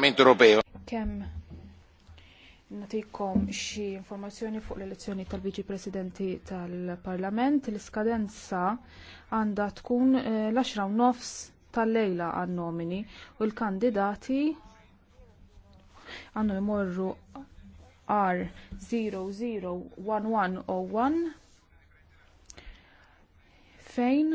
Parlament Ewropew. Kemm natikom xi informazzjoni fuq l-elezzjoni tal-Viċi Presidenti tal-Parlament, l-iskadenza għandha tkun eh, l-10 nofs tal-lejla għan-nomini u l-kandidati għandu jmorru R001101 fejn